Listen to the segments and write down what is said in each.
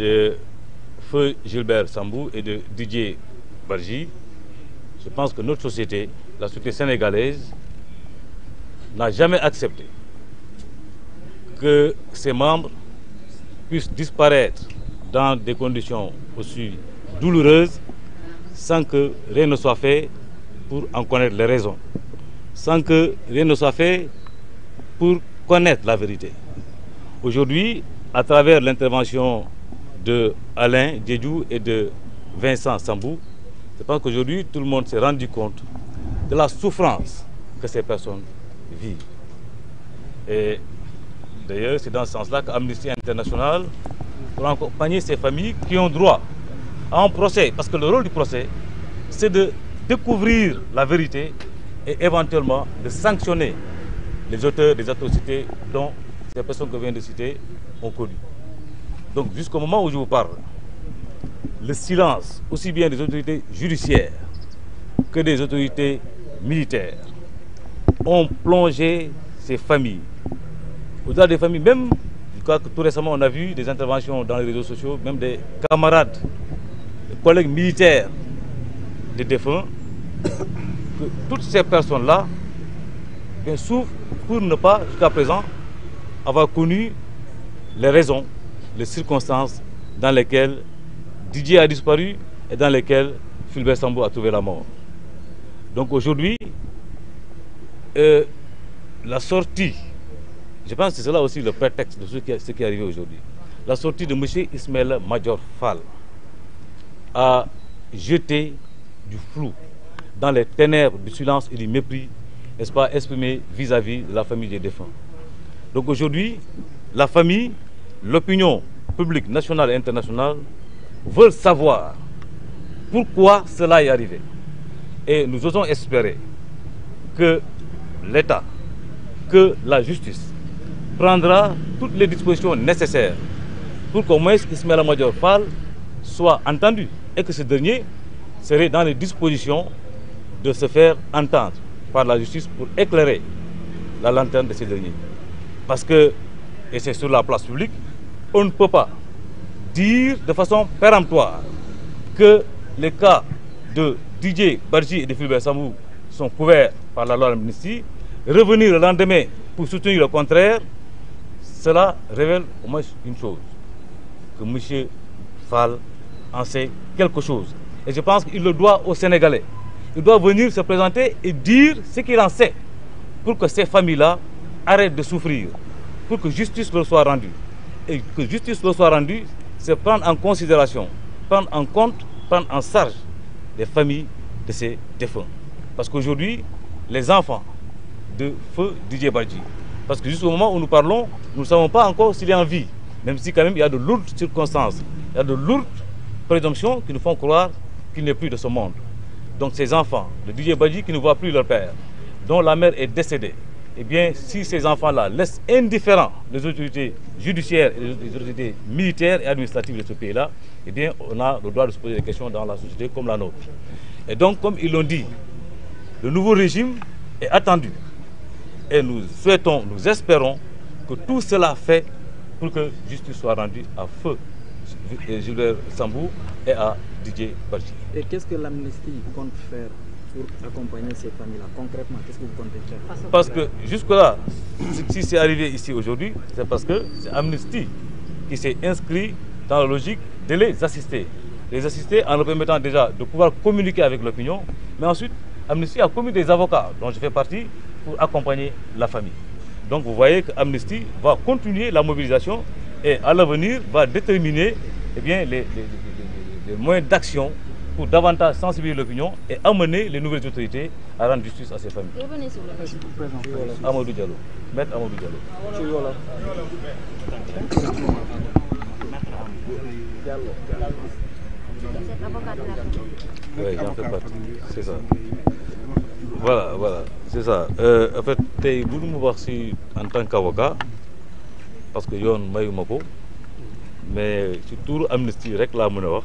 de Feu Gilbert Sambou et de Didier Bargy, je pense que notre société, la société sénégalaise, n'a jamais accepté que ses membres puissent disparaître dans des conditions aussi douloureuses sans que rien ne soit fait pour en connaître les raisons, sans que rien ne soit fait pour connaître la vérité. Aujourd'hui, à travers l'intervention de Alain et de Vincent Sambou, c'est parce qu'aujourd'hui, tout le monde s'est rendu compte de la souffrance que ces personnes vivent. Et d'ailleurs, c'est dans ce sens-là qu'Amnesty International, pour accompagner ces familles qui ont droit à un procès, parce que le rôle du procès, c'est de découvrir la vérité et éventuellement de sanctionner les auteurs des atrocités dont ces personnes que je viens de citer ont connu. Donc jusqu'au moment où je vous parle, le silence, aussi bien des autorités judiciaires que des autorités militaires, ont plongé ces familles. Au-delà des familles, même, je crois que tout récemment, on a vu des interventions dans les réseaux sociaux, même des camarades, des collègues militaires des défunts, que toutes ces personnes-là eh souffrent pour ne pas, jusqu'à présent, avoir connu les raisons les circonstances dans lesquelles Didier a disparu et dans lesquelles Fulbert Sambo a trouvé la mort. Donc aujourd'hui, euh, la sortie, je pense que c'est là aussi le prétexte de ce qui, ce qui est arrivé aujourd'hui, la sortie de M. Ismaël Major Fall a jeté du flou dans les ténèbres du silence et du mépris, n'est-ce pas, exprimé vis-à-vis -vis de la famille des défunts. Donc aujourd'hui, la famille l'opinion publique nationale et internationale veulent savoir pourquoi cela est arrivé. Et nous osons espérer que l'État, que la justice prendra toutes les dispositions nécessaires pour que Moïse Ismaël Major Fall soit entendu et que ce dernier serait dans les dispositions de se faire entendre par la justice pour éclairer la lanterne de ces derniers. Parce que, et c'est sur la place publique, on ne peut pas dire de façon péremptoire que les cas de DJ Barji et de Philbert Samou sont couverts par la loi l'amnistie. Revenir le lendemain pour soutenir le contraire, cela révèle au moins une chose, que M. Fall en sait quelque chose. Et je pense qu'il le doit aux Sénégalais. Il doit venir se présenter et dire ce qu'il en sait pour que ces familles-là arrêtent de souffrir, pour que justice leur soit rendue et que justice leur soit rendue, c'est prendre en considération, prendre en compte, prendre en charge les familles de ces défunts. Parce qu'aujourd'hui, les enfants de feu Didier Badji, parce que jusqu'au moment où nous parlons, nous ne savons pas encore s'il est en vie, même si quand même il y a de lourdes circonstances, il y a de lourdes présomptions qui nous font croire qu'il n'est plus de ce monde. Donc ces enfants de Didier Badji qui ne voient plus leur père, dont la mère est décédée, eh bien, si ces enfants-là laissent indifférents les autorités judiciaires et les autorités militaires et administratives de ce pays-là, eh bien, on a le droit de se poser des questions dans la société comme la nôtre. Et donc, comme ils l'ont dit, le nouveau régime est attendu. Et nous souhaitons, nous espérons que tout cela fait pour que justice soit rendue à feu Gilbert Sambou et à DJ Barchi. Et qu'est-ce que l'amnistie compte faire pour accompagner ces familles-là Concrètement, qu'est-ce que vous comptez faire Parce que jusque-là, si c'est arrivé ici aujourd'hui, c'est parce que c'est Amnesty qui s'est inscrit dans la logique de les assister. Les assister en leur permettant déjà de pouvoir communiquer avec l'opinion, mais ensuite, Amnesty a commis des avocats, dont je fais partie, pour accompagner la famille. Donc vous voyez que Amnesty va continuer la mobilisation et à l'avenir va déterminer eh bien, les, les moyens d'action pour davantage sensibiliser l'opinion et amener les nouvelles autorités à rendre justice à ces familles. Revenez sur le Président. Amadou Diallo. Maître Amadou Diallo. Oui, la famille. C'est ça. Voilà, voilà, c'est ça. Euh, en fait, tey bu ñu ma wax si en tant qu'avocat parce que yoon Mayumako, mais si tuuru amnistie rek laa wax.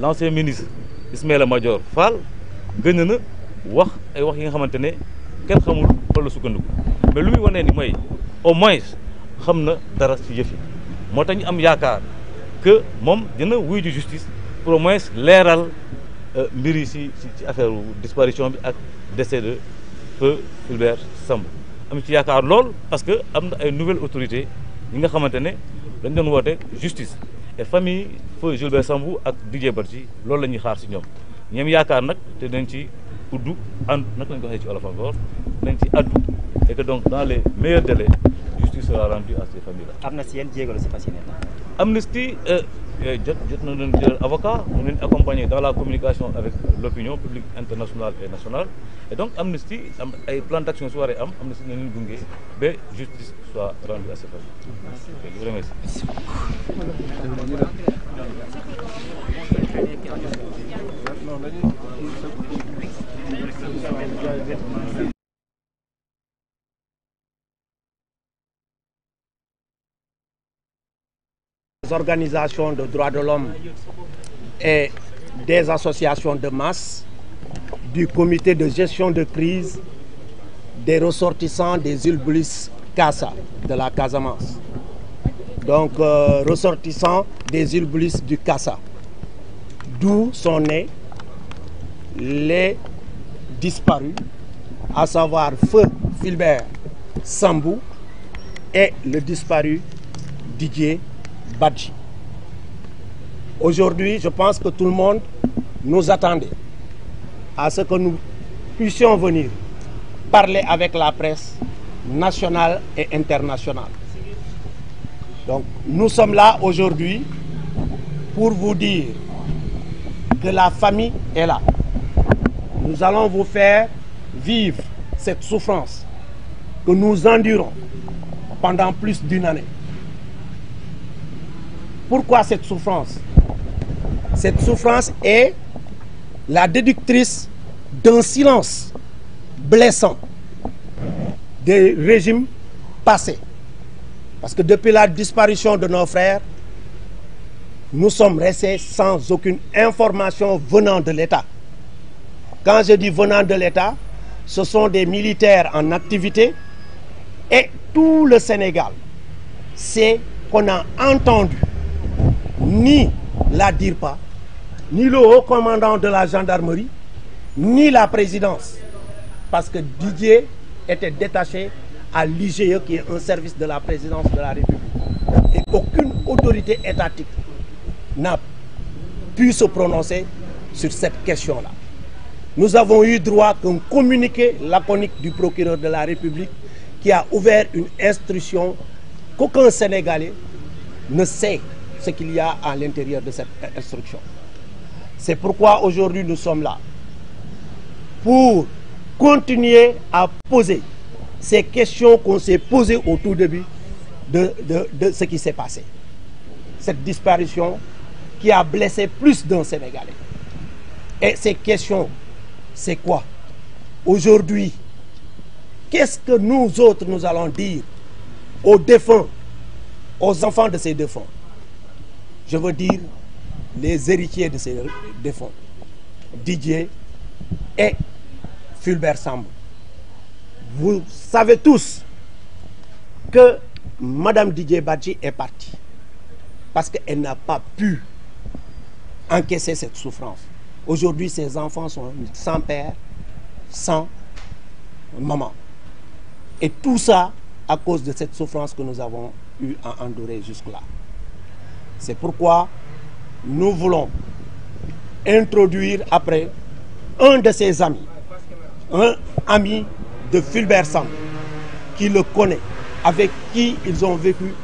l'ancien ministre Ismaël Madior Fall gën na wax ay wax yi nga xamantene kenn xamul fan la sukkandiku mais lu muy wone ni moy au moins xamna dara ci yëf yi moo ñu am yaakaar que mom dina wuy ju justice pour au moins leeral euh, mbir ci ci affaire disparition bi ak décès de feu Fulbert Samb am ci yaakaar lool parce que am na ay nouvelles autorités yi nga xamantene dañ doon woote justice et familles de Jules Sambou et Didier Barthi, c'est ce qu'ils nous avons eux. Ils ont l'espoir d'être dans l'Oudou, comme on l'a dit à Olaf Angor, dans l'Oudou. Et que dans les meilleurs délais, la justice sera rendue à ces familles-là. Amnesty, vous avez dit que c'est passionné Amnesty... Euh, je suis un avocat on est accompagné dans la communication avec l'opinion publique internationale et nationale et donc Amnesty et plan d'action soirée, am Amnesty nous nous la justice soit rendue à ces personnes. Merci beaucoup. organisations de droits de l'homme et des associations de masse, du comité de gestion de crise, des ressortissants des îles Bliss Casa, de la Casamance. Donc, euh, ressortissants des îles du Casa, d'où sont nés les disparus, à savoir Feu Filbert Sambou et le disparu Didier Aujourd'hui, je pense que tout le monde nous attendait à ce que nous puissions venir parler avec la presse nationale et internationale. Donc, nous sommes là aujourd'hui pour vous dire que la famille est là. Nous allons vous faire vivre cette souffrance que nous endurons pendant plus d'une année. Pourquoi cette souffrance Cette souffrance est la déductrice d'un silence blessant des régimes passés. Parce que depuis la disparition de nos frères, nous sommes restés sans aucune information venant de l'État. Quand je dis venant de l'État, ce sont des militaires en activité et tout le Sénégal C'est qu'on a entendu ni la DIRPA, ni le haut commandant de la gendarmerie, ni la présidence. Parce que Didier était détaché à l'IGE, qui est un service de la présidence de la République. Et aucune autorité étatique n'a pu se prononcer sur cette question-là. Nous avons eu droit qu'un communiqué laconique du procureur de la République qui a ouvert une instruction qu'aucun Sénégalais ne sait ce qu'il y a à l'intérieur de cette instruction. C'est pourquoi aujourd'hui nous sommes là pour continuer à poser ces questions qu'on s'est posées au tout début de, de ce qui s'est passé. Cette disparition qui a blessé plus d'un Sénégalais. Et ces questions, c'est quoi Aujourd'hui, qu'est-ce que nous autres, nous allons dire aux défunts, aux enfants de ces défunts je veux dire les héritiers de ces défauts, Didier et Fulbert Sambo. Vous savez tous que Madame Didier Badji est partie parce qu'elle n'a pas pu encaisser cette souffrance. Aujourd'hui, ses enfants sont sans père, sans maman. Et tout ça à cause de cette souffrance que nous avons eu à endurer jusque-là. C'est pourquoi nous voulons introduire après un de ses amis, un ami de Fulbert Sam, qui le connaît, avec qui ils ont vécu